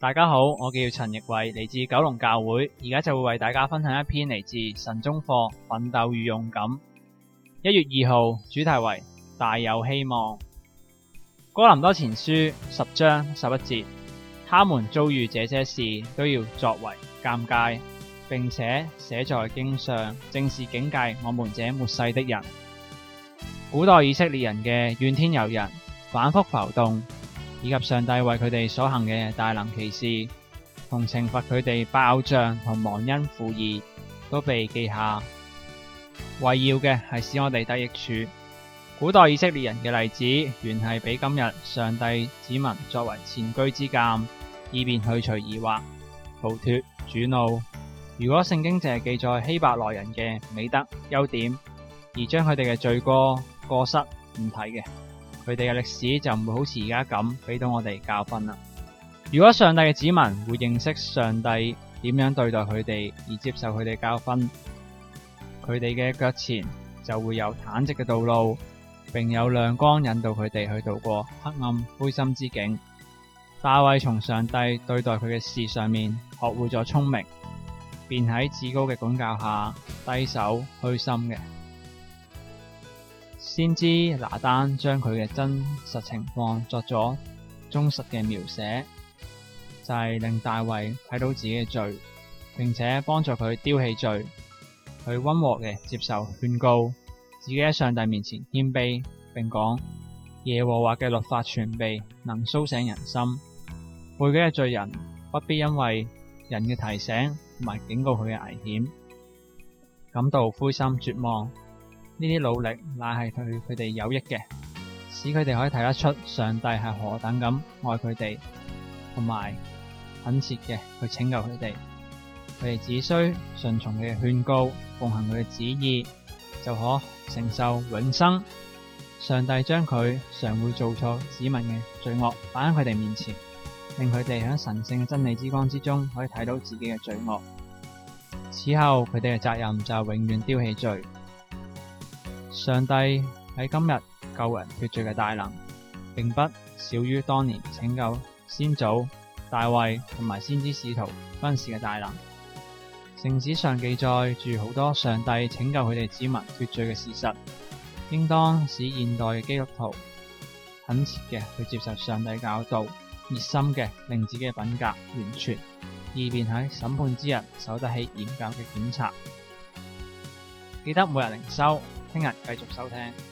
大家好，我叫陳奕偉，嚟自九龍教會，而家就會為大家分享一篇嚟自神中課《奮鬥與勇敢》。一月二號，主題為大有希望。哥林多前書十章十一節，他們遭遇這些事都要作為鑑戒，並且寫在經上，正是警戒我們這末世的人。古代以色列人嘅怨天尤人，反覆浮動。以及上帝為佢哋所行嘅大能奇事，同懲罰佢哋暴政同忘恩負義，都被記下。為要嘅係使我哋得益處。古代以色列人嘅例子，原係俾今日上帝子民作為前居之鑒，以便去除疑惑、逃脫主怒。如果聖經淨係記載希伯來人嘅美德優點，而將佢哋嘅罪過過失唔睇嘅？佢哋嘅歷史就唔會好似而家咁俾到我哋教訓啦。如果上帝嘅子民會認識上帝點樣對待佢哋，而接受佢哋教訓，佢哋嘅腳前就會有坦直嘅道路，並有亮光引導佢哋去度過黑暗灰心之境。大衛從上帝對待佢嘅事上面學會咗聰明，便喺至高嘅管教下低手虛心嘅。先知拿單將佢嘅真實情況作咗忠實嘅描寫，就係、是、令大衛睇到自己嘅罪，並且幫助佢丟棄罪，佢溫和嘅接受勸告，自己喺上帝面前謙卑，並講耶和華嘅律法全備，能蘇醒人心，背脊嘅罪人不必因為人嘅提醒同埋警告佢嘅危險，感到灰心絕望。呢啲努力乃係對佢哋有益嘅，使佢哋可以睇得出上帝係何等咁愛佢哋，同埋懇切嘅去拯救佢哋。佢哋只需順從佢嘅勸告，奉行佢嘅旨意，就可承受永生。上帝將佢常會做錯子民嘅罪惡擺喺佢哋面前，令佢哋喺神聖嘅真理之光之中，可以睇到自己嘅罪惡。此後佢哋嘅責任就係永遠丟棄罪。上帝喺今日救人脫罪嘅大能，並不少於當年拯救先祖大衛同埋先知使徒嗰陣時嘅大能。聖經上記載住好多上帝拯救佢哋子民脫罪嘅事實，應當使現代嘅基督徒懇切嘅去接受上帝教導，熱心嘅令自己嘅品格完全，以便喺審判之日受得起嚴格嘅檢查。記得每日靈修。聽日繼續收聽。